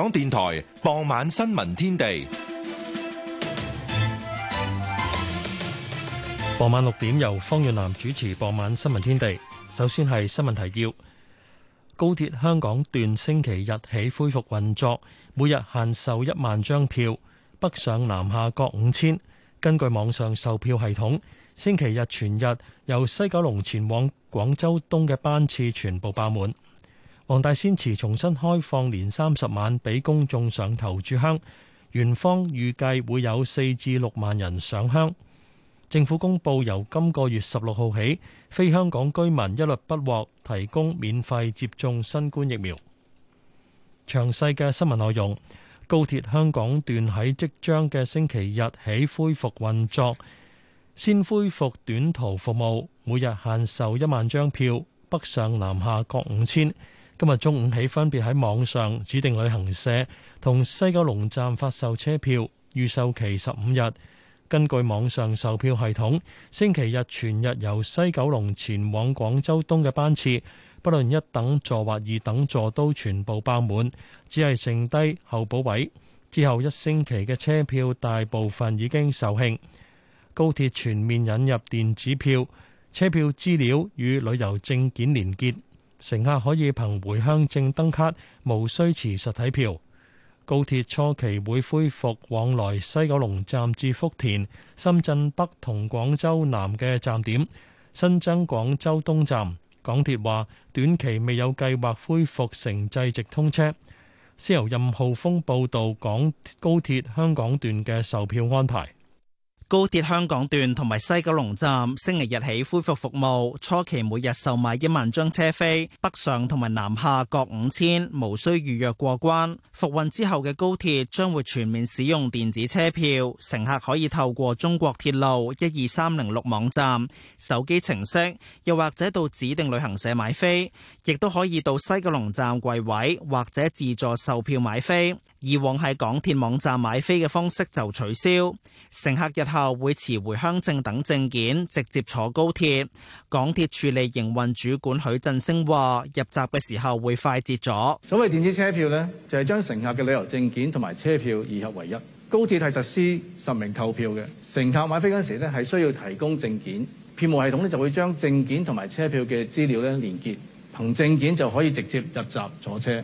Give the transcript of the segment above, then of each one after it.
港電台傍晚新聞天地，傍晚六點由方悅南主持。傍晚新聞天地，首先係新聞提要：高鐵香港段星期日起恢復運作，每日限售一萬張票，北上南下各五千。根據網上售票系統，星期日全日由西九龍前往廣州東嘅班次全部爆滿。黃大仙祠重新開放，年三十晚俾公眾上頭柱香。園方預計會有四至六萬人上香。政府公布，由今個月十六號起，非香港居民一律不獲提供免費接種新冠疫苗。詳細嘅新聞內容，高鐵香港段喺即將嘅星期日起恢復運作，先恢復短途服務，每日限售一萬張票，北上南下各五千。今日中午起，分別喺網上指定旅行社同西九龍站發售車票，預售期十五日。根據網上售票系統，星期日全日由西九龍前往廣州東嘅班次，不論一等座或二等座都全部爆滿，只係剩低候補位。之後一星期嘅車票大部分已經售罄。高鐵全面引入電子票，車票資料與旅遊證件連結。乘客可以憑回鄉證登卡，無需持實體票。高鐵初期會恢復往來西九龍站至福田、深圳北同廣州南嘅站點，新增廣州東站。港鐵話短期未有計劃恢復城際直通車，先由任浩峰報道，港高鐵香港段嘅售票安排。高鐵香港段同埋西九龍站星期日起恢復服務，初期每日售賣一萬張車飛，北上同埋南下各五千，無需預約過關。復運之後嘅高鐵將會全面使用電子車票，乘客可以透過中國鐵路一二三零六網站、手機程式，又或者到指定旅行社買飛，亦都可以到西九龍站櫃位或者自助售票買飛。以往喺港鐵網站買飛嘅方式就取消，乘客日後會持回鄉證等證件直接坐高鐵。港鐵處理營運主管許振升話，入閘嘅時候會快捷咗。所謂電子車票呢，就係將乘客嘅旅遊證件同埋車票二合為一。高鐵係實施實名購票嘅，乘客買飛嗰陣時呢係需要提供證件，票務系統呢，就會將證件同埋車票嘅資料咧連結，憑證件就可以直接入閘坐車。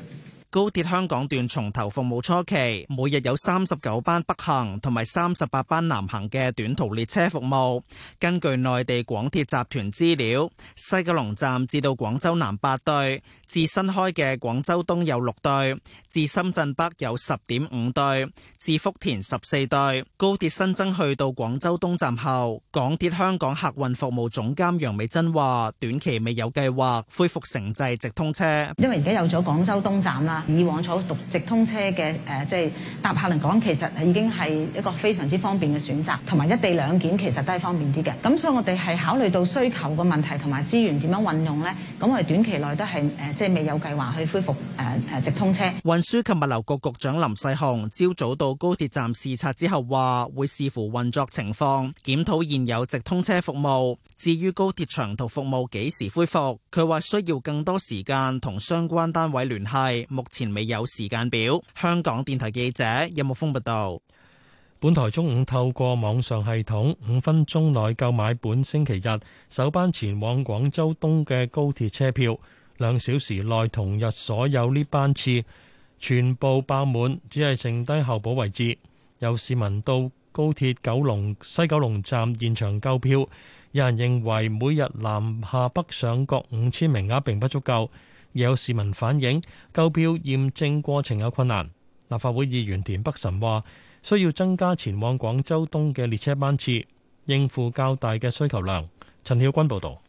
高鐵香港段重頭服務初期，每日有三十九班北行同埋三十八班南行嘅短途列車服務。根據內地廣鐵集團資料，西九龍站至到廣州南八對。至新開嘅廣州東有六對，至深圳北有十點五對，至福田十四對。高鐵新增去到廣州東站後，港鐵香港客運服務總監楊美珍話，短期未有計劃恢復城際直通車，因為而家有咗廣州東站啦，以往坐獨直通車嘅誒，即係搭客嚟講，其實已經係一個非常之方便嘅選擇，同埋一地兩檢其實都係方便啲嘅。咁所以我哋係考慮到需求嘅問題同埋資源點樣運用呢？咁我哋短期內都係誒。呃即係未有計劃去恢復誒誒直通車。運輸及物流局局長林世雄朝早到高鐵站視察之後，話會視乎運作情況，檢討現有直通車服務。至於高鐵長途服務幾時恢復，佢話需要更多時間同相關單位聯繫，目前未有時間表。香港電台記者任木峰報道。本台中午透過網上系統五分鐘內購買本星期日首班前往廣州東嘅高鐵車票。兩小時內同日所有呢班次全部爆滿，只係剩低候補位置。有市民到高鐵九龍西九龍站現場購票，有人認為每日南下北上各五千名額並不足夠。亦有市民反映購票驗證過程有困難。立法會議員田北辰話：需要增加前往廣州東嘅列車班次，應付較大嘅需求量。陳曉君報導。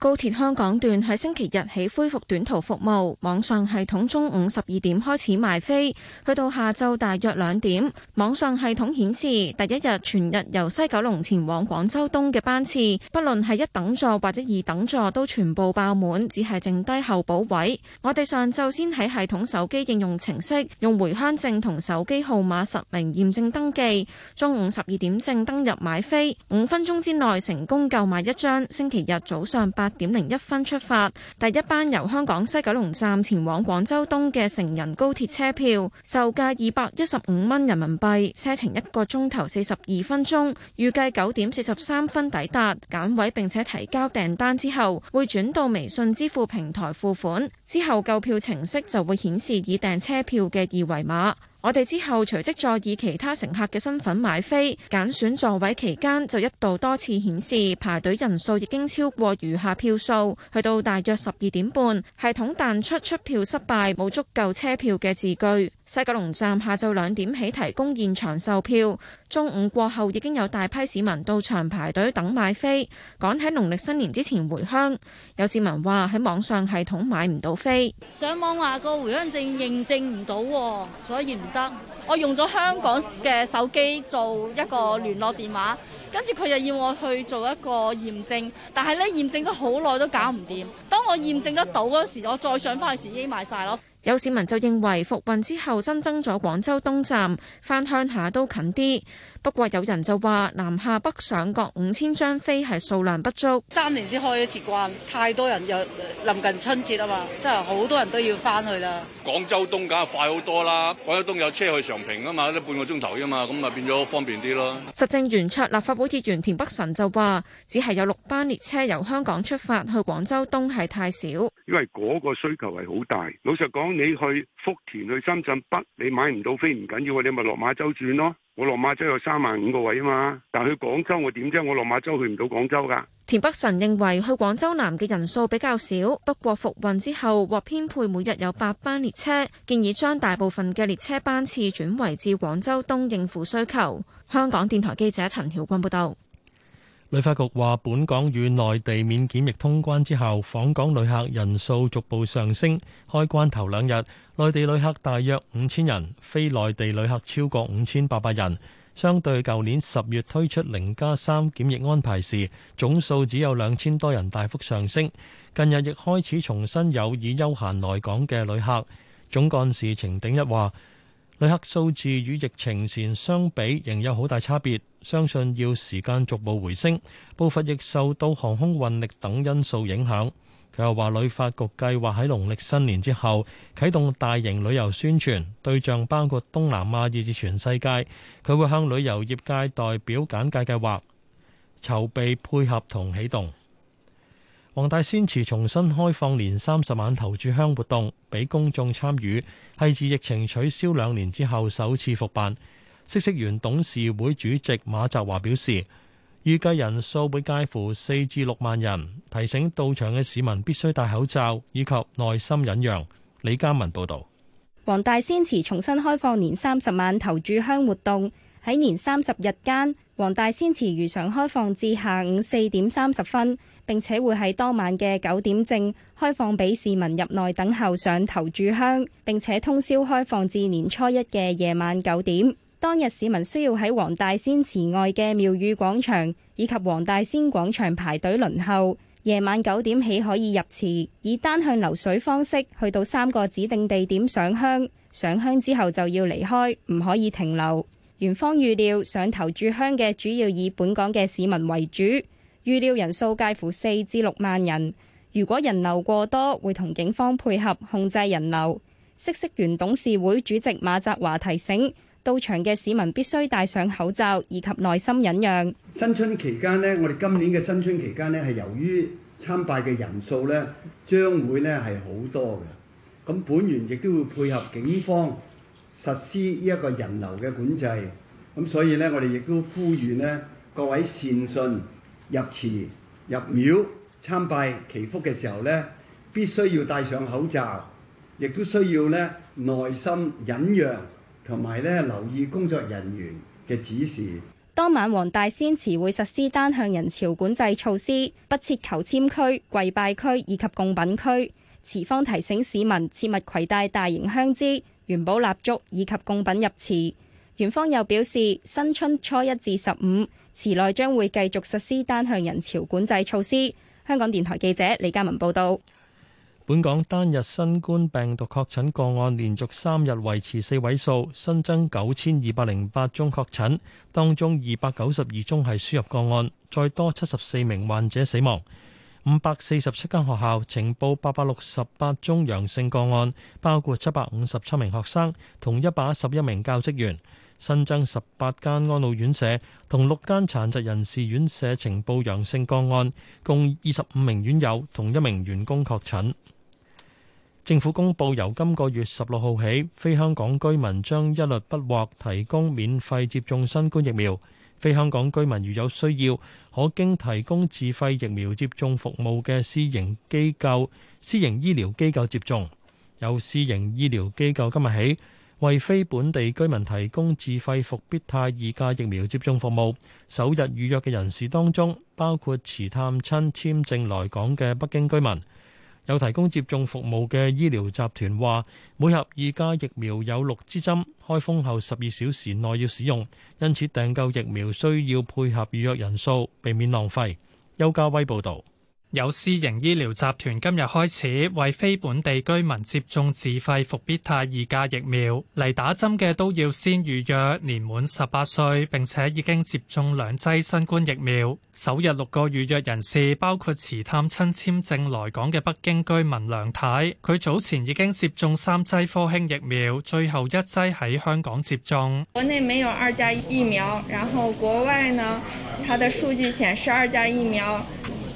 高鐵香港段喺星期日起恢復短途服務，網上系統中午十二點開始賣飛，去到下晝大約兩點。網上系統顯示，第一日全日由西九龍前往廣州東嘅班次，不論係一等座或者二等座都全部爆滿，只係剩低候補位。我哋上晝先喺系統手機應用程式用回鄉證同手機號碼實名驗證登記，中午十二點正登入買飛，五分鐘之內成功購買一張。星期日早上八。八點零一分出發，第一班由香港西九龍站前往廣州東嘅成人高鐵車票，售價二百一十五蚊人民幣，車程一個鐘頭四十二分鐘，預計九點四十三分抵達。揀位並且提交訂單之後，會轉到微信支付平台付款，之後購票程式就會顯示已訂車票嘅二維碼。我哋之後隨即再以其他乘客嘅身份買飛，揀選座位期間就一度多次顯示排隊人數已經超過餘下票數，去到大約十二點半，系統彈出出票失敗、冇足夠車票嘅字句。西九龍站下晝兩點起提供現場售票，中午過後已經有大批市民到場排隊等買飛，趕喺農曆新年之前回鄉。有市民話喺網上系統買唔到飛，上網話個回鄉證認證唔到，所以唔得。我用咗香港嘅手機做一個聯絡電話，跟住佢又要我去做一個驗證，但係呢驗證咗好耐都搞唔掂。當我驗證得到嗰時，我再上返去時已經賣晒咯。有市民就認為復運之後新增咗廣州東站，翻鄉下都近啲。不過有人就話南下北上各五千張飛係數量不足，三年先開一次關，太多人又臨近春節啊嘛，真係好多人都要翻去啦。廣州東梗係快好多啦，廣州東有車去常平啊嘛，得半個鐘頭啫嘛，咁咪變咗方便啲咯。實政圓桌立法會議員田北辰就話：只係有六班列車由香港出發去廣州東係太少，因為嗰個需求係好大。老實講。你去福田去深圳北，你買唔到飛唔緊要，你咪落馬洲轉咯。我落馬洲有三萬五個位啊嘛，但去廣州，我點啫？我落馬洲去唔到廣州噶。田北辰認為去廣州南嘅人數比較少，不過復運之後獲編配每日有八班列車，建議將大部分嘅列車班次轉為至廣州東應付需求。香港電台記者陳曉君報道。旅發局話，本港與內地免檢疫通關之後，訪港旅客人數逐步上升。開關頭兩日，內地旅客大約五千人，非內地旅客超過五千八百人。相對舊年十月推出零加三檢疫安排時，總數只有兩千多人，大幅上升。近日亦開始重新有以休閒來港嘅旅客。總幹事程鼎一話，旅客數字與疫情前相比仍有好大差別。相信要時間逐步回升，步伐亦受到航空運力等因素影響，佢又話旅發局計劃喺農曆新年之後啟動大型旅遊宣傳對象包括東南亞以至全世界。佢會向旅遊業界代表簡介計劃籌備配合同啟動。黃大仙祠重新開放年三十晚投注香活動俾公眾參與，係自疫情取消兩年之後首次復辦。嗇色園董事會主席馬澤華表示，預計人數會介乎四至六萬人，提醒到場嘅市民必須戴口罩以及耐心忍讓。李家文報導。黃大仙祠重新開放年三十晚投注香活動。喺年三十日間，黃大仙祠如常開放至下午四點三十分，並且會喺當晚嘅九點正開放俾市民入內等候上投注香，並且通宵開放至年初一嘅夜晚九點。當日市民需要喺黃大仙祠外嘅廟宇廣場以及黃大仙廣場排隊輪候，夜晚九點起可以入祠，以單向流水方式去到三個指定地點上香。上香之後就要離開，唔可以停留。園方預料上頭炷香嘅主要以本港嘅市民為主，預料人數介乎四至六萬人。如果人流過多，會同警方配合控制人流。嗇色園董事會主席馬澤華提醒，到場嘅市民必須戴上口罩以及耐心忍讓。新春期間呢，我哋今年嘅新春期間呢，係由於參拜嘅人數呢，將會呢係好多嘅，咁本園亦都會配合警方實施呢一個人流嘅管制。咁所以呢，我哋亦都呼籲呢各位善信入祠入廟參拜祈福嘅時候呢，必須要戴上口罩，亦都需要呢耐心忍讓。同埋呢，留意工作人員嘅指示。當晚黃大仙祠會實施單向人潮管制措施，不設求簽區、跪拜區以及供品區。祠方提醒市民切勿攜帶大型香枝、元寶蠟燭以及供品入祠。園方又表示，新春初一至十五，祠內將會繼續實施單向人潮管制措施。香港電台記者李嘉文報道。本港單日新冠病毒確診個案連續三日維持四位數，新增九千二百零八宗確診，當中二百九十二宗係輸入個案，再多七十四名患者死亡。五百四十七間學校呈報八百六十八宗陽性個案，包括七百五十七名學生同一百一十一名教職員。新增十八間安老院舍同六間殘疾人士院舍呈報陽性個案，共二十五名院友同一名員工確診。政府公布，由今個月十六號起，非香港居民將一律不獲提供免費接種新冠疫苗。非香港居民如有需要，可經提供自費疫苗接種服務嘅私營機構、私營醫療機構接種，有私營醫療機構今日起為非本地居民提供自費復必泰二價疫苗接種服務，首日預約嘅人士當中，包括持探親簽證來港嘅北京居民。有提供接種服務嘅醫療集團話，每盒二價疫苗有六支針，開封後十二小時內要使用，因此訂購疫苗需要配合預約人數，避免浪費。邱家威報道。有私營醫療集團今日開始為非本地居民接種自費復必泰二價疫苗，嚟打針嘅都要先預約，年滿十八歲並且已經接種兩劑新冠疫苗。首日六個預約人士包括持探親簽證來港嘅北京居民梁太，佢早前已經接種三劑科興疫苗，最後一劑喺香港接種。國內沒有二價疫苗，然後國外呢，它的數據顯示二價疫苗，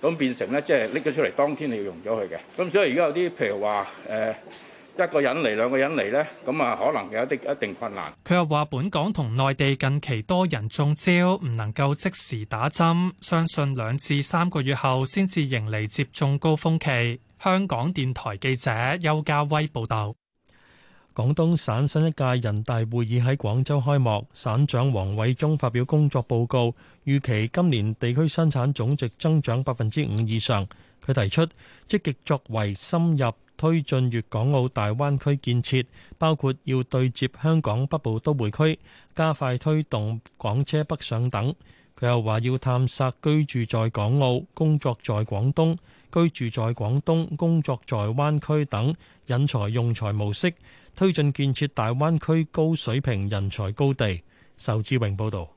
咁變成咧，即係拎咗出嚟當天你要用咗佢嘅。咁所以而家有啲譬如話，誒一個人嚟兩個人嚟咧，咁啊可能有一啲一定困難。佢又話：本港同內地近期多人中招，唔能夠即時打針，相信兩至三個月後先至迎嚟接種高峰期。香港電台記者邱家威報導。廣東省新一屆人大會議喺廣州開幕，省長王偉中發表工作報告，預期今年地區生產總值增長百分之五以上。佢提出積極作為深入推進粵港澳大灣區建設，包括要對接香港北部都會區加快推動港車北上等。佢又話要探索居住在港澳，工作在廣東，居住在廣東，工作在灣區等引才用才模式。推進建設大灣區高水平人才高地。仇志榮報道。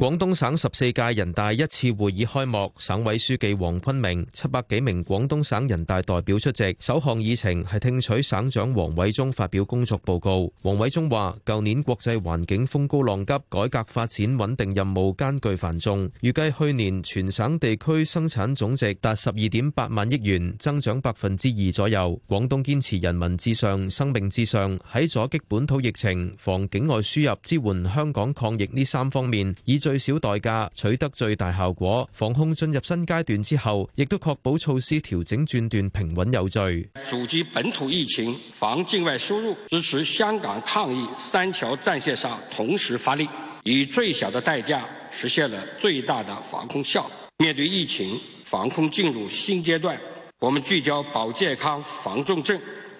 廣東省十四屆人大一次會議開幕，省委書記黃坤明、七百幾名廣東省人大代表出席。首項議程係聽取省長王偉中發表工作報告。王偉中話：舊年國際環境風高浪急，改革發展穩定任務艱鉅繁重。預計去年全省地區生產總值達十二點八萬億元，增長百分之二左右。廣東堅持人民至上、生命至上，喺阻擊本土疫情、防境外輸入、支援香港抗疫呢三方面，以最小代價取得最大效果，防控進入新階段之後，亦都確保措施調整轉段平穩有序。阻止本土疫情，防境外輸入，支持香港抗疫三條戰線上同時發力，以最小的代價實現了最大的防控效果。面對疫情防控進入新階段，我們聚焦保健康、防重症，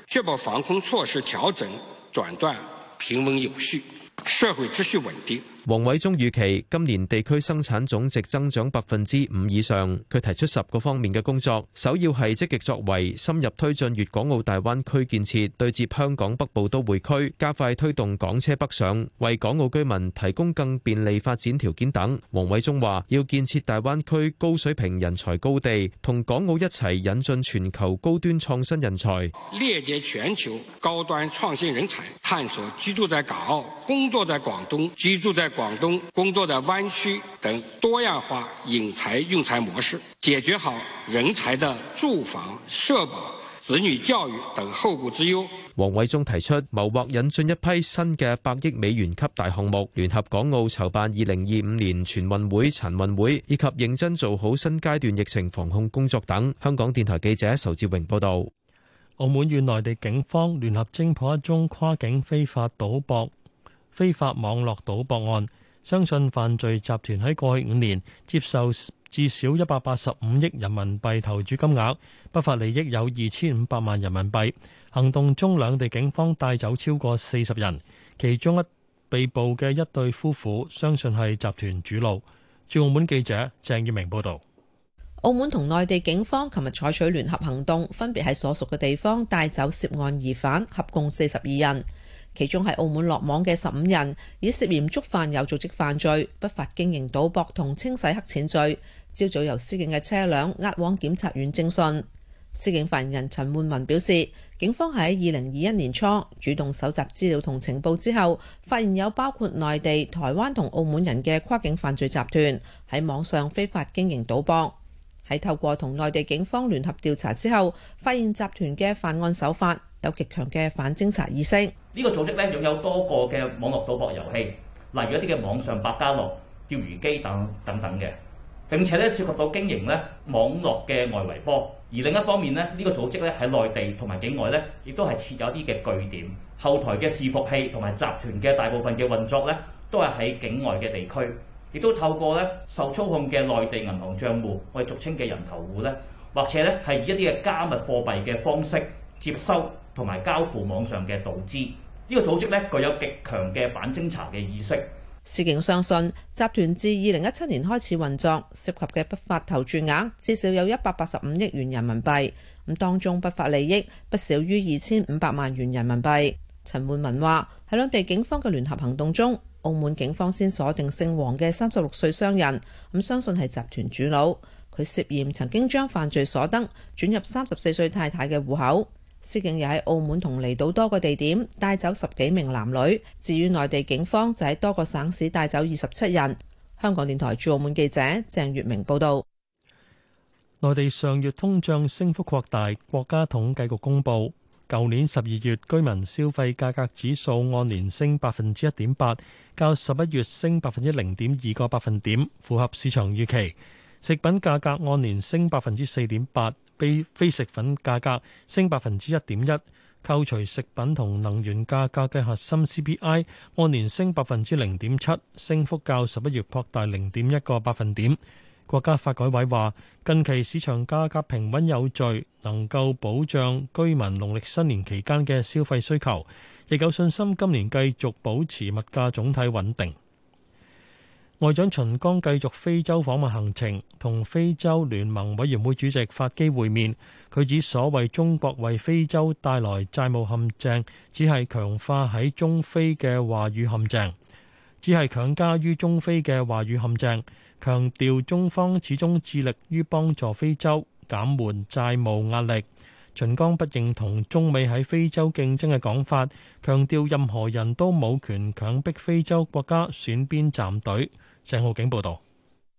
確保防控措施調整轉段平穩有序，社會秩序穩定。王偉中預期今年地區生產總值增長百分之五以上，佢提出十個方面嘅工作，首要係積極作為，深入推進粵港澳大灣區建設，對接香港北部都會區，加快推動港車北上，為港澳居民提供更便利發展條件等。王偉中話：要建設大灣區高水平人才高地，同港澳一齊引進全球高端創新人才，鏈接全球高端創新人才，探索居住在港澳、工作在廣東、居住在。廣東工作的灣區等多樣化引才用才模式，解決好人才的住房、社保、子女教育等後顧之憂。王偉中提出，謀劃引進一批新嘅百億美元級大項目，聯合港澳籌辦二零二五年全運會、殘運會，以及認真做好新階段疫情防控工作等。香港電台記者仇志榮報道。澳門與內地警方聯合偵破一宗跨境非法賭博，非法網絡賭博案，相信犯罪集團喺過去五年接受至少一百八十五億人民幣投注金額，不法利益有二千五百萬人民幣。行動中，兩地警方帶走超過四十人，其中一被捕嘅一對夫婦，相信係集團主腦。駐澳門記者鄭月明報導。澳門同內地警方琴日採取聯合行動，分別喺所屬嘅地方帶走涉案疑犯，合共四十二人。其中係澳門落網嘅十五人，以涉嫌觸犯有組織犯罪、不法經營賭博同清洗黑錢罪。朝早由司警嘅車輛押往檢察院證訊。司警發言人陳滿文表示，警方喺二零二一年初主動搜集資料同情報之後，發現有包括內地、台灣同澳門人嘅跨境犯罪集團喺網上非法經營賭博。喺透過同內地警方聯合調查之後，發現集團嘅犯案手法。有極強嘅反偵查意識。呢個組織咧，擁有多個嘅網絡賭博遊戲，例如一啲嘅網上百家樂、釣魚機等等等嘅。並且咧，涉及到經營咧網絡嘅外圍波。而另一方面咧，呢、這個組織咧喺內地同埋境外咧，亦都係設有一啲嘅據點，後台嘅伺服器同埋集團嘅大部分嘅運作咧，都係喺境外嘅地區。亦都透過咧受操控嘅內地銀行帳戶，我哋俗稱嘅人頭戶咧，或者咧係以一啲嘅加密貨幣嘅方式接收。同埋交付網上嘅賭資，呢、這個組織呢，具有極強嘅反偵查嘅意識。司警相信集團自二零一七年開始運作，涉及嘅不法投注額至少有一百八十五億元人民幣，咁當中不法利益不少於二千五百萬元人民幣。陳煥文話喺兩地警方嘅聯合行動中，澳門警方先鎖定姓黃嘅三十六歲商人，咁相信係集團主腦。佢涉嫌曾經將犯罪所得轉入三十四歲太太嘅戶口。司警又喺澳門同離島多個地點帶走十幾名男女，至於內地警方就喺多個省市帶走二十七人。香港電台駐澳門記者鄭月明報道。內地上月通脹升幅擴大，國家統計局公布，舊年十二月居民消費價格指數按年升百分之一點八，較十一月升百分之零點二個百分點，符合市場預期。食品價格按年升百分之四點八。非非食品價格升百分之一點一，扣除食品同能源價格嘅核心 CPI 按年升百分之零點七，升幅較十一月擴大零點一個百分點。國家發改委話，近期市場價格平穩有序，能夠保障居民農曆新年期間嘅消費需求，亦有信心今年繼續保持物價總體穩定。外長秦剛繼續非洲訪問行程，同非洲聯盟委員會主席法基會面。佢指所謂中國為非洲帶來債務陷阱，只係強化喺中非嘅話語陷阱，只係強加於中非嘅話語陷阱。強調中方始終致力於幫助非洲減緩債務壓力。秦剛不認同中美喺非洲競爭嘅講法，強調任何人都冇權強迫非洲國家選邊站隊。鄭浩景報道。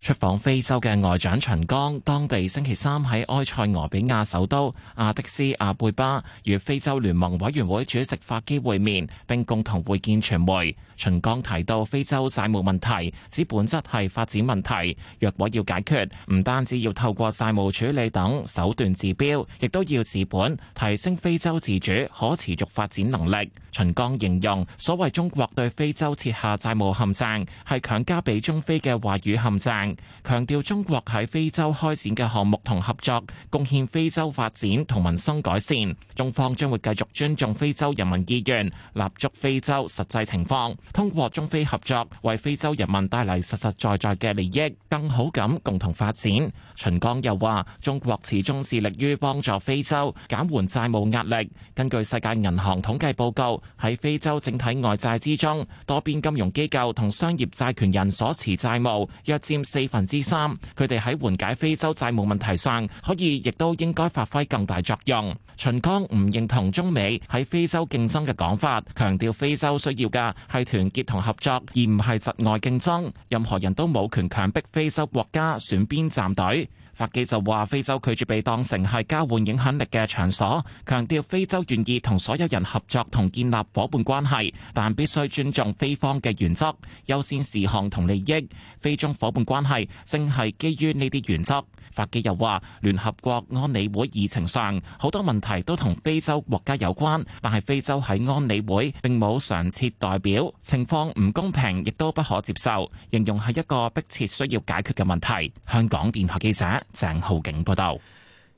出訪非洲嘅外長秦剛，當地星期三喺埃塞俄比亞首都亞的斯亞貝巴與非洲聯盟委員會主席法基會面，並共同會見傳媒。秦剛提到非洲債務問題，指本質係發展問題，若果要解決，唔單止要透過債務處理等手段治標，亦都要治本，提升非洲自主可持續發展能力。秦剛形容所謂中國對非洲設下債務陷阱，係強加俾中非嘅話語陷阱。強調中國喺非洲開展嘅項目同合作，貢獻非洲發展同民生改善。中方將會繼續尊重非洲人民意願，立足非洲實際情況，通過中非合作為非洲人民帶嚟實實在在嘅利益，更好咁共同發展。秦剛又話：中國始終致力於幫助非洲減緩債務壓力。根據世界銀行統計報告，喺非洲整體外債之中，多邊金融機構同商業債權人所持債務約佔四四分之三，佢哋喺緩解非洲債務問題上，可以亦都應該發揮更大作用。秦剛唔認同中美喺非洲競爭嘅講法，強調非洲需要嘅係團結同合作，而唔係窒外競爭。任何人都冇權強迫非洲國家選邊站隊。法基就話，非洲拒絕被當成係交換影響力嘅場所，強調非洲願意同所有人合作同建立夥伴關係，但必須尊重非方嘅原則、優先事項同利益。非中夥伴關係正係基於呢啲原則。法基又話，聯合國安理會議程上好多問題都同非洲國家有關，但係非洲喺安理會並冇常設代表，情況唔公平，亦都不可接受，形容係一個迫切需要解決嘅問題。香港電台記者。鄭浩景報道：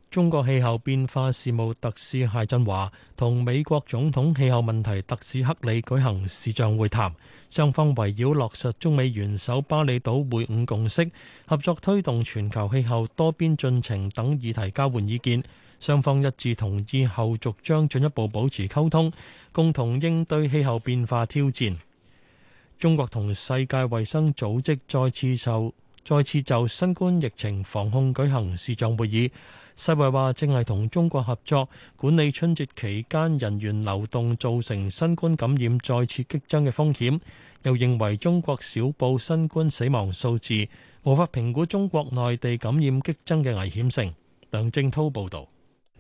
中國氣候變化事務特使謝振華同美國總統氣候問題特使克里舉行視像會談，雙方圍繞落實中美元首巴厘島會晤共識、合作推動全球氣候多邊進程等議題交換意見，雙方一致同意後續將進一步保持溝通，共同應對氣候變化挑戰。中國同世界衛生組織再次受再次就新冠疫情防控舉行視像會議，世衛話正係同中國合作管理春節期間人員流動造成新冠感染再次激增嘅風險，又認為中國少報新冠死亡數字，無法評估中國內地感染激增嘅危險性。梁正濤報道。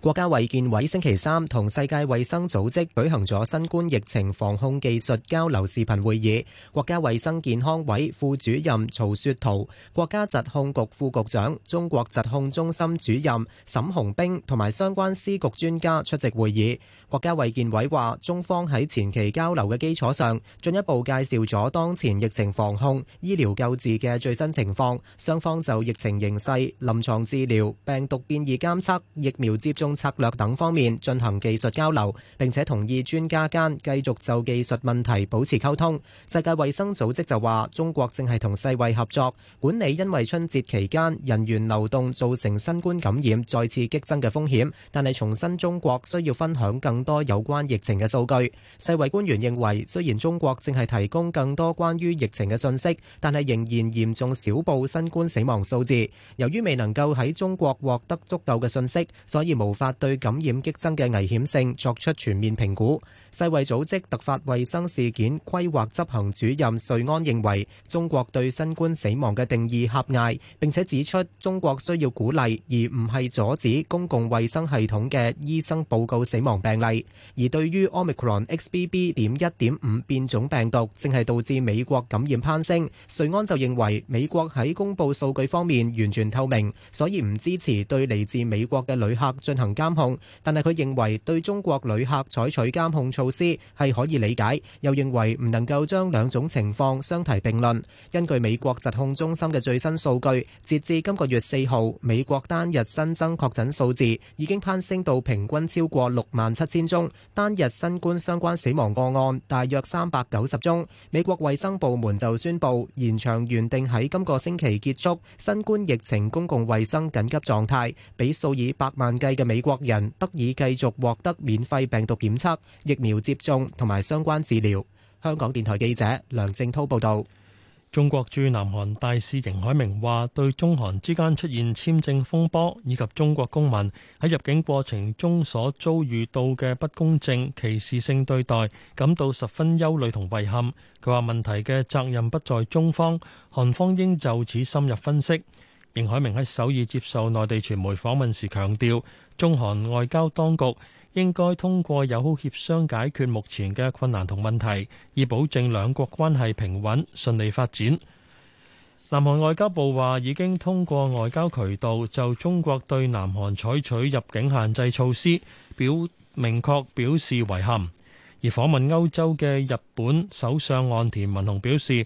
國家衛健委星期三同世界衛生組織舉行咗新冠疫情防控技術交流視頻會議。國家衛生健康委副主任曹雪濤、國家疾控局副局長、中國疾控中心主任沈洪兵同埋相關司局專家出席會議。國家衛健委話，中方喺前期交流嘅基礎上，進一步介紹咗當前疫情防控、醫療救治嘅最新情況。雙方就疫情形勢、臨牀治療、病毒變異監測、疫苗接種策略等方面進行技術交流，並且同意專家間繼續就技術問題保持溝通。世界衛生組織就話：中國正係同世衛合作管理，因為春節期間人員流動造成新冠感染再次激增嘅風險。但係，重申中國需要分享更多有關疫情嘅數據。世衛官員認為，雖然中國正係提供更多關於疫情嘅信息，但係仍然嚴重少報新冠死亡數字。由於未能夠喺中國獲得足夠嘅信息，所以無法。法對感染激增嘅危險性作出全面評估。世衛組織突發衛生事件規劃執行主任瑞安認為，中國對新冠死亡嘅定義狹隘，並且指出中國需要鼓勵而唔係阻止公共衛生系統嘅醫生報告死亡病例。而對於 omicron XBB.1.5 變種病毒正係導致美國感染攀升，瑞安就認為美國喺公布數據方面完全透明，所以唔支持對嚟自美國嘅旅客進行監控。但係佢認為對中國旅客採取監控措。措施係可以理解，又認為唔能夠將兩種情況相提並論。根據美國疾控中心嘅最新數據，截至今個月四號，美國單日新增確診數字已經攀升到平均超過六萬七千宗，單日新冠相關死亡個案大約三百九十宗。美國衛生部門就宣布延長原定喺今個星期結束新冠疫情公共衛生緊急狀態，俾數以百萬計嘅美國人得以繼續獲得免費病毒檢測疫苗、接種同埋相關治療。香港電台記者梁正濤報道，中國駐南韓大使邢海明話，對中韓之間出現簽證風波以及中國公民喺入境過程中所遭遇到嘅不公正、歧視性對待，感到十分憂慮同遺憾。佢話問題嘅責任不在中方，韓方應就此深入分析。邢海明喺首爾接受內地傳媒訪問時強調，中韓外交當局。應該通過友好協商解決目前嘅困難同問題，以保證兩國關係平穩，順利發展。南韓外交部話已經通過外交渠道就中國對南韓採取入境限制措施，表，明確表示遺憾。而訪問歐洲嘅日本首相岸田文雄表示。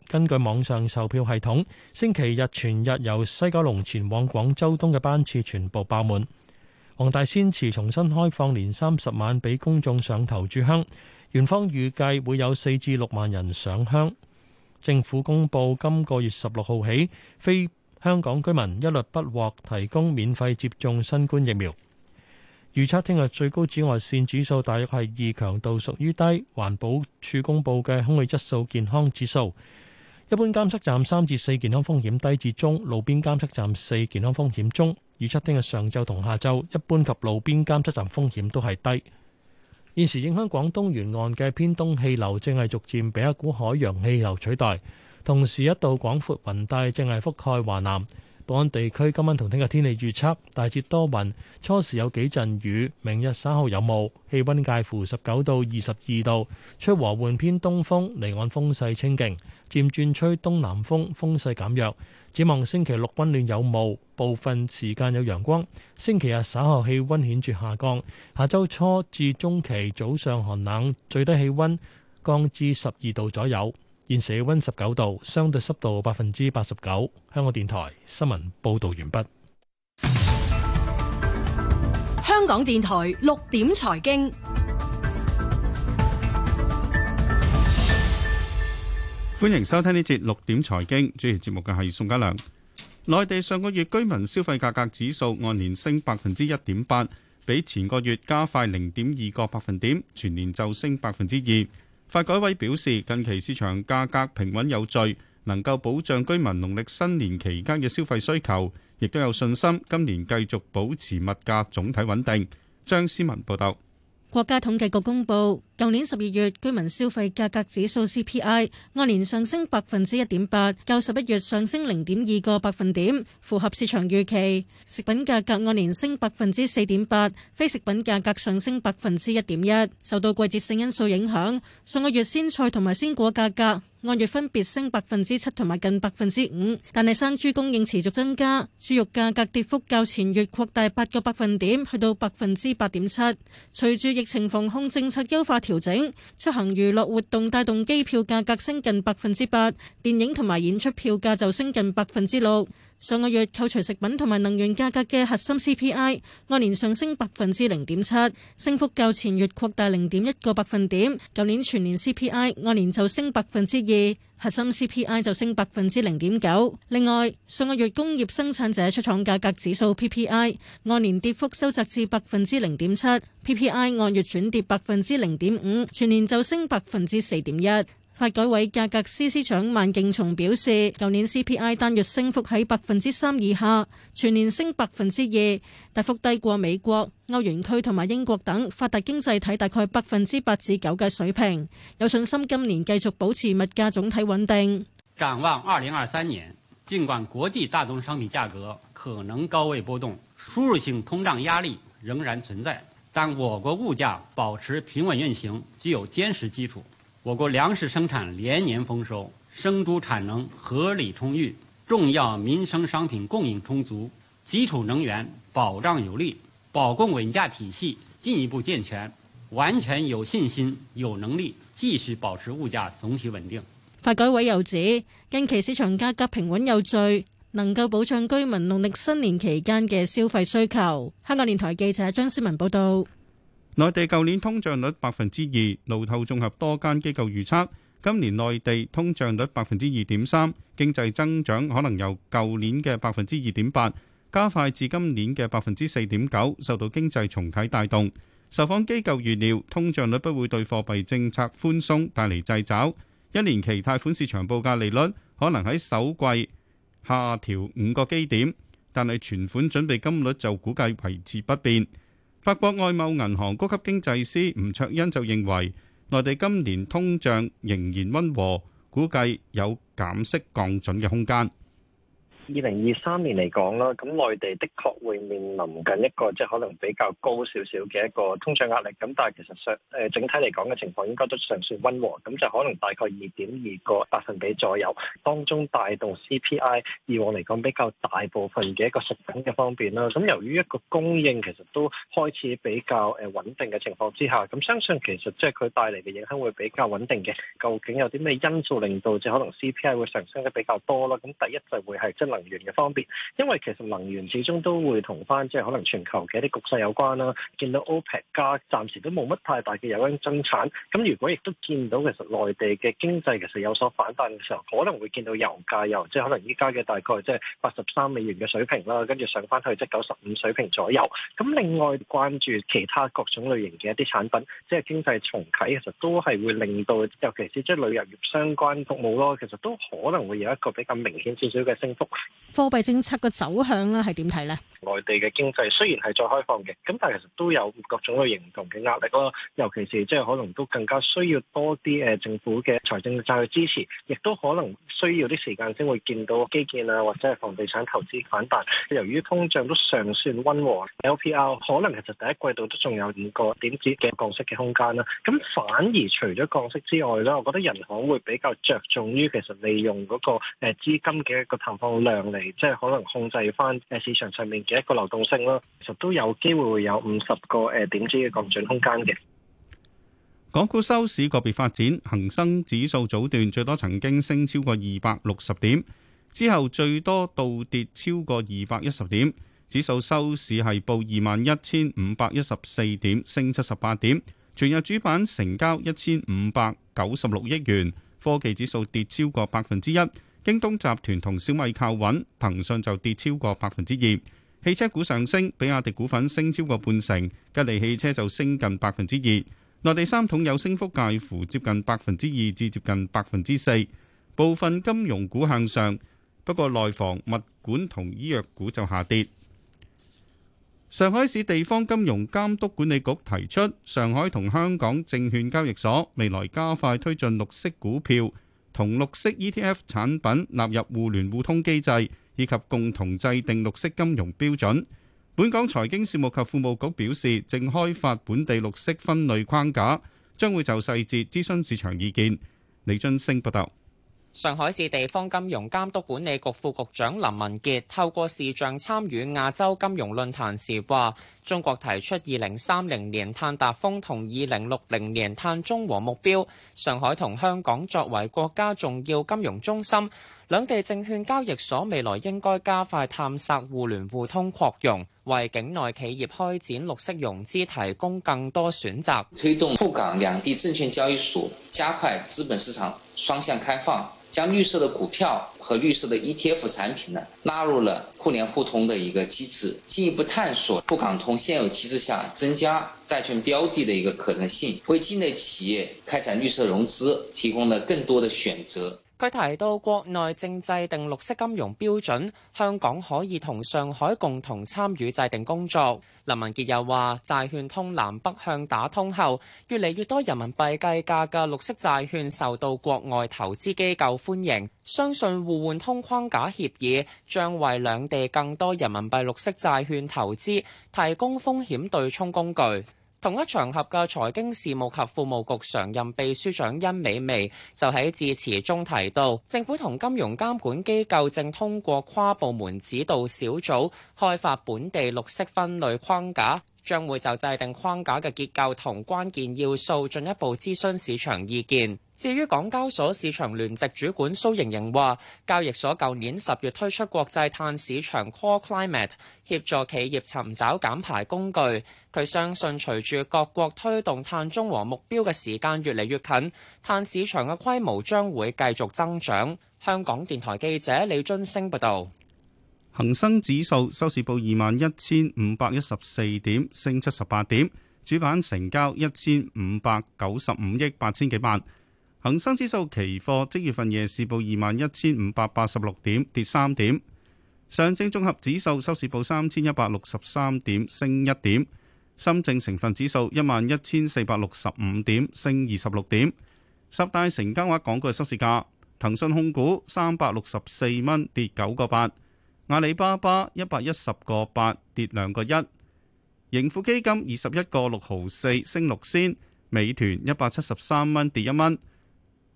根據網上售票系統，星期日全日由西九龍前往廣州東嘅班次全部爆滿。黃大仙祠重新開放，年三十晚俾公眾上頭柱香，園方預計會有四至六萬人上香。政府公布今個月十六號起，非香港居民一律不獲提供免費接種新冠疫苗。預測聽日最高紫外線指數大約係二，強度屬於低。環保署公布嘅空氣質素健康指數。一般監測站三至四，健康風險低至中，路邊監測站四，健康風險中。預測聽日上晝同下晝，一般及路邊監測站風險都係低。現時影響廣東沿岸嘅偏東氣流正係逐漸被一股海洋氣流取代，同時一道廣闊雲帶正係覆蓋華南。本港地區今晚同聽日天氣預測，大致多雲，初時有幾陣雨，明日稍後有霧，氣溫介乎十九到二十二度，吹和緩偏東風，離岸風勢清勁，漸轉吹東南風，風勢減弱。展望星期六溫暖有霧，部分時間有陽光，星期日稍後氣溫顯著下降，下週初至中期早上寒冷，最低氣溫降至十二度左右。現時氣温十九度，相對濕度百分之八十九。香港電台新聞報道完畢。香港電台六點財經，歡迎收聽呢節六點財經。主持節目嘅係宋家良。內地上個月居民消費價格指數按年升百分之一點八，比前個月加快零點二個百分點，全年就升百分之二。發改委表示，近期市場價格平穩有序，能夠保障居民農曆新年期間嘅消費需求，亦都有信心今年繼續保持物價總體穩定。張思文報道。國家統計局公布。舊年十二月居民消費價格指數 CPI 按年上升百分之一點八，較十一月上升零點二個百分點，符合市場預期。食品價格按年升百分之四點八，非食品價格上升百分之一點一，受到季節性因素影響。上個月鮮菜同埋鮮果價格按月分別升百分之七同埋近百分之五，但係生豬供應持續增加，豬肉價格跌幅較前月擴大八個百分點，去到百分之八點七。隨住疫情防控政策優化調整出行、娛樂活動帶動機票價格升近百分之八，電影同埋演出票價就升近百分之六。上個月扣除食品同埋能源價格嘅核心 CPI 按年上升百分之零點七，升幅較前月擴大零點一個百分點。舊年全年 CPI 按年就升百分之二，核心 CPI 就升百分之零點九。另外，上個月工業生產者出廠價格指數 PPI 按年跌幅收窄至百分之零點七，PPI 按月轉跌百分之零點五，全年就升百分之四點一。發改委價格司司長萬勁松表示，舊年 CPI 單月升幅喺百分之三以下，全年升百分之二，大幅低過美國、歐元區同埋英國等發達經濟體大概百分之八至九嘅水平，有信心今年繼續保持物價總體穩定。展望二零二三年，儘管國際大宗商品價格可能高位波動，輸入性通脹壓力仍然存在，但我國物價保持平穩運行，具有堅實基礎。我國糧食生產連年豐收，生豬產能合理充裕，重要民生商品供應充足，基礎能源保障有力，保供穩價體系進一步健全，完全有信心有能力繼續保持物價總體穩定。發改委又指，近期市場價格平穩有序，能夠保障居民農曆新年期間嘅消費需求。香港電台記者張思文報道。內地舊年通脹率百分之二，路透綜合多間機構預測，今年內地通脹率百分之二點三，經濟增長可能由舊年嘅百分之二點八加快至今年嘅百分之四點九，受到經濟重啟帶動。受訪機構預料，通脹率不會對貨幣政策寬鬆帶嚟掣肘，一年期貸款市場報價利率可能喺首季下調五個基點，但係存款準備金率就估計維持不變。法國外貿銀行高級經濟師吳卓恩就認為，內地今年通脹仍然溫和，估計有減息降準嘅空間。二零二三年嚟講啦，咁內地的確會面臨緊一個即係可能比較高少少嘅一個通脹壓力，咁但係其實上誒整體嚟講嘅情況應該都尚算溫和，咁就可能大概二點二個百分比左右，當中帶動 CPI 以往嚟講比較大部分嘅一個食品嘅方便啦，咁由於一個供應其實都開始比較誒穩定嘅情況之下，咁相信其實即係佢帶嚟嘅影響會比較穩定嘅。究竟有啲咩因素令到就可能 CPI 會上升得比較多啦？咁第一就會係真。能源嘅方面，因為其實能源始終都會同翻即係可能全球嘅一啲局勢有關啦、啊。見到 OPEC 加暫時，都冇乜太大嘅油量增產，咁如果亦都見到其實內地嘅經濟其實有所反彈嘅時候，可能會見到油價又即係可能依家嘅大概即係八十三美元嘅水平啦，跟住上翻去即係九十五水平左右。咁另外關注其他各種類型嘅一啲產品，即係經濟重啟，其實都係會令到，尤其是即係旅遊業相關服務咯，其實都可能會有一個比較明顯少少嘅升幅。貨幣政策嘅走向咧係點睇咧？內地嘅經濟雖然係再開放嘅，咁但係其實都有各種類型唔同嘅壓力咯，尤其是即係可能都更加需要多啲誒政府嘅財政嘅債去支持，亦都可能需要啲時間先會見到基建啊或者係房地產投資反彈。由於通脹都尚算溫和，LPR 可能其實第一季度都仲有五個點子嘅降息嘅空間啦。咁反而除咗降息之外咧，我覺得人行會比較着重於其實利用嗰個誒資金嘅一個投放量嚟，即係可能控制翻誒市場上面。一個流動性咯，其實都有機會會有五十個誒、呃、點子嘅降準空間嘅。港股收市個別發展，恒生指數早段最多曾經升超過二百六十點，之後最多倒跌超過二百一十點，指數收市係報二萬一千五百一十四點，升七十八點。全日主板成交一千五百九十六億元，科技指數跌超過百分之一，京東集團同小米靠穩，騰訊就跌超過百分之二。汽車股上升，比亞迪股份升超過半成，吉利汽車就升近百分之二。內地三桶油升幅介乎接近百分之二至接近百分之四。部分金融股向上，不過內房、物管同醫藥股就下跌。上海市地方金融監督管理局提出，上海同香港證券交易所未來加快推進綠色股票同綠色 ETF 產品納入互聯互通機制。以及共同制定綠色金融標準，本港財經事務及庫務局表示，正開發本地綠色分類框架，將會就細節諮詢市場意見，李津升報道。上海市地方金融監督管理局副局長林文杰透過視像參與亞洲金融論壇時話，中國提出二零三零年碳達峰同二零六零年碳中和目標，上海同香港作為國家重要金融中心，兩地證券交易所未來應該加快探索互聯互通擴容。為境內企業開展綠色融資提供更多選擇，推動滬港兩地證券交易所加快資本市場雙向開放，將綠色的股票和綠色的 ETF 產品呢納入了互聯互通的一個機制，進一步探索滬港通現有機制下增加債券標的的一個可能性，為境內企業開展綠色融資提供了更多的選擇。佢提到，國內正制定綠色金融標準，香港可以同上海共同參與制定工作。林文傑又話：債券通南北向打通後，越嚟越多人民幣計價嘅綠色債券受到國外投資機構歡迎，相信互換通框架協議將為兩地更多人民幣綠色債券投資提供風險對沖工具。同一場合嘅財經事務及庫務局常任秘書長甄美薇就喺致辭中提到，政府同金融監管機構正通過跨部門指導小組開發本地綠色分類框架。將會就制定框架嘅結構同關鍵要素進一步諮詢市場意見。至於港交所市場聯席主管蘇瑩瑩話，交易所舊年十月推出國際碳市場 Core Climate，協助企業尋找減排工具。佢相信，隨住各國推動碳中和目標嘅時間越嚟越近，碳市場嘅規模將會繼續增長。香港電台記者李津升報道。恒生指數收市報二萬一千五百一十四點，升七十八點，主板成交一千五百九十五億八千幾萬。恒生指數期貨即月份夜市報二萬一千五百八十六點，跌三點。上證綜合指數收市報三千一百六十三點，升一點。深證成分指數一萬一千四百六十五點，升二十六點。十大成交額港股收市價，騰訊控股三百六十四蚊，跌九個八。阿里巴巴一百一十個八跌兩個一，盈富基金二十一個六毫四升六仙，美團一百七十三蚊跌一蚊，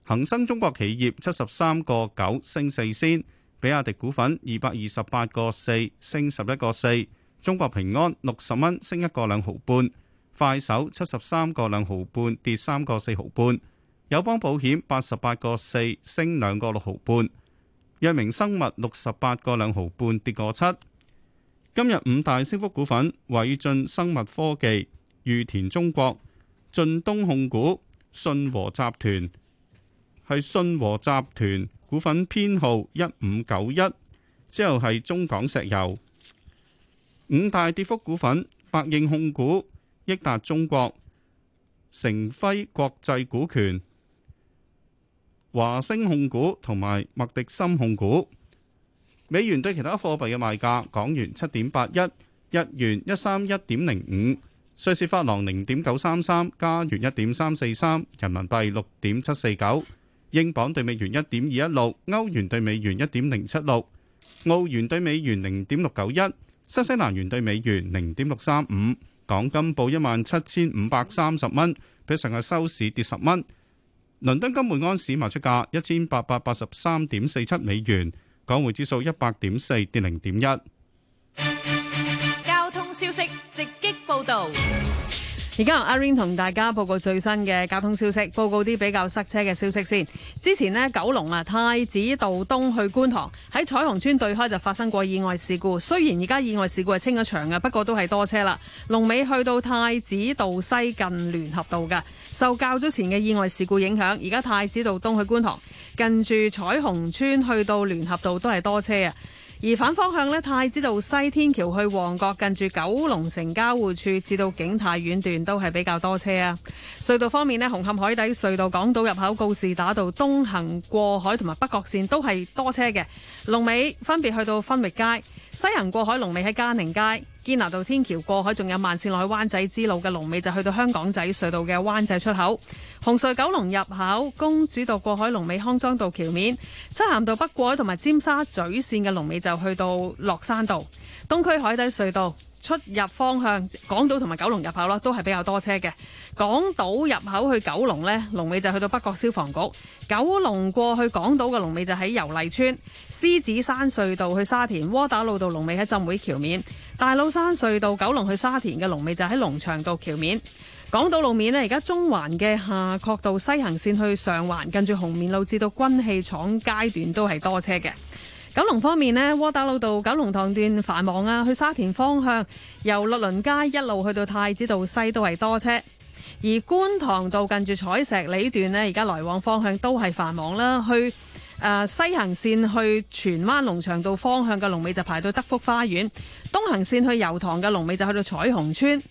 恒生中國企業七十三個九升四仙，比亞迪股份二百二十八個四升十一個四，中國平安六十蚊升一個兩毫半，快手七十三個兩毫半跌三個四毫半，友邦保險八十八個四升兩個六毫半。藥明生物六十八個兩毫半跌過七。今日五大升幅股份：偉進生物科技、裕田中國、晉東控股、信和集團。係信和集團股份編號一五九一，之後係中港石油。五大跌幅股份：百應控股、益達中國、成輝國際股權華星控股同埋麥迪森控股。美元對其他貨幣嘅賣價：港元七點八一，日元一三一點零五，瑞士法郎零點九三三，加元一點三四三，人民幣六點七四九，英鎊兌美元一點二一六，歐元兌美元一點零七六，澳元兌美元零點六九一，新西蘭元兌美元零點六三五。港金報一萬七千五百三十蚊，比上日收市跌十蚊。倫敦金每安士賣出價一千八百八十三點四七美元，港匯指數一百點四跌零點一。交通消息直擊報道。而家由阿 rain 同大家報告最新嘅交通消息，報告啲比較塞車嘅消息先。之前呢，九龍啊，太子道東去觀塘喺彩虹村對開就發生過意外事故，雖然而家意外事故係清咗場嘅，不過都係多車啦。龍尾去到太子道西近聯合道嘅，受較早前嘅意外事故影響，而家太子道東去觀塘近住彩虹村去到聯合道都係多車啊。而反方向咧，太子道西天橋去旺角近住九龍城交匯處至到景泰苑段都係比較多車啊。隧道方面咧，紅磡海底隧道港島入口告士打道東行過海同埋北角線都係多車嘅。龍尾分別去到分域街、西行過海龍尾喺加寧街、堅拿道天橋過海，仲有慢線落去灣仔支路嘅龍尾就去到香港仔隧道嘅灣仔出口。紅隧九龍入口、公主道過海、龍尾康莊道橋面、漆咸道北過海同埋尖沙咀線嘅龍尾就去到落山道。東區海底隧道出入方向港島同埋九龍入口啦，都係比較多車嘅。港島入口去九龍咧，龍尾就去到北角消防局。九龍過去港島嘅龍尾就喺油麗村。獅子山隧道去沙田窩打老道龍尾喺浸會橋面。大老山隧道九龍去沙田嘅龍尾就喺龍翔道橋面。港島路面呢，而家中環嘅夏慤道西行線去上環，近住紅棉路至到軍器廠階段都係多車嘅。九龍方面呢，窩打老道九龍塘段繁忙啊，去沙田方向由律倫街一路去到太子道西都係多車。而觀塘道近住彩石里段呢，而家來往方向都係繁忙啦。去誒、呃、西行線去荃灣龍翔道方向嘅龍尾就排到德福花園，東行線去油塘嘅龍尾就去到彩虹村。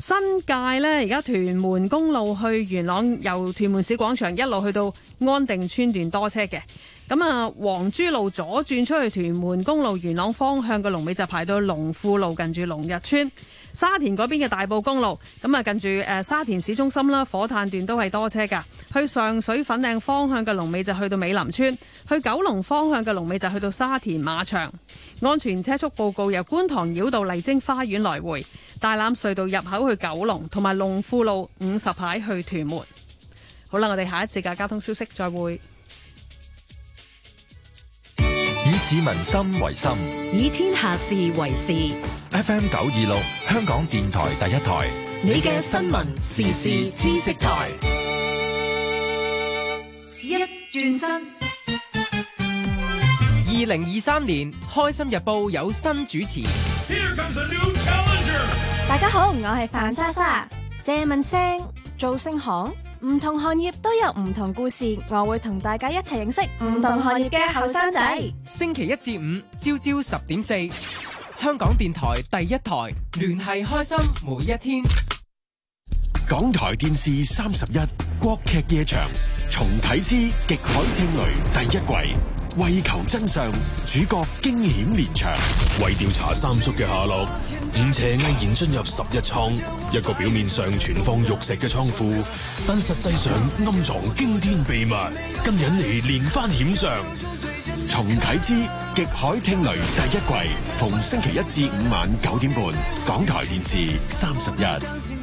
新界呢，而家屯門公路去元朗，由屯門市廣場一路去到安定村段多車嘅。咁啊，黃珠路左轉出去屯門公路元朗方向嘅龍尾就排到龍富路，近住龍日村。沙田嗰邊嘅大埔公路。咁啊，近住誒沙田市中心啦，火炭段都係多車噶。去上水粉嶺方向嘅龍尾就去到美林村，去九龍方向嘅龍尾就去到沙田馬場。安全車速報告：由觀塘繞道麗晶花園來回。大欖隧道入口去九龍，同埋龍富路五十排去屯門。好啦，我哋下一節嘅交通消息，再會。以市民心為心，以天下事為事。FM 九二六，香港電台第一台。你嘅新聞時事知識台。一轉身。二零二三年，開心日報有新主持。大家好，我係范莎莎，借問聲做聲行，唔同行業都有唔同故事，我會同大家一齊認識唔同行業嘅後生仔。星期一至五朝朝十點四，香港電台第一台，聯繫開心每一天。港台電視三十一，國劇夜場重睇之《極海聽雷》第一季。為求真相，主角驚險連場。為調查三叔嘅下落，吳邪毅然進入十一倉，一個表面上存放玉石嘅倉庫，但實際上暗藏驚天秘密，更引嚟連番險象。重啟之極海聽雷第一季，逢星期一至五晚九點半，港台電視三十一，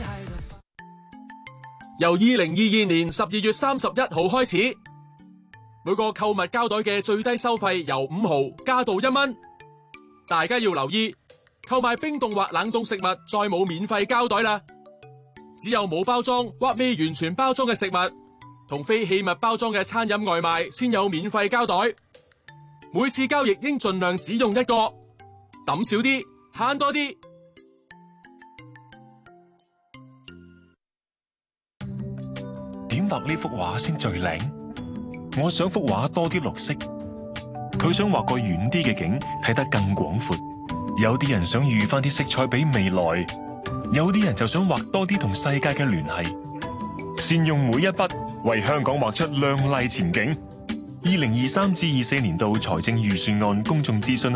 由二零二二年十二月三十一號開始。每個購物膠袋嘅最低收費由五毫加到一蚊，大家要留意購買冰凍或冷凍食物再冇免費膠袋啦。只有冇包裝、或未完全包裝嘅食物同非器物包裝嘅餐飲外賣先有免費膠袋。每次交易應盡量只用一個，抌少啲，慳多啲。點畫呢幅畫先最靚？我想幅畫多啲綠色，佢想畫個遠啲嘅景，睇得更廣闊。有啲人想預翻啲色彩俾未來，有啲人就想畫多啲同世界嘅聯繫。善用每一筆，為香港畫出亮麗前景。二零二三至二四年度財政預算案公眾諮詢。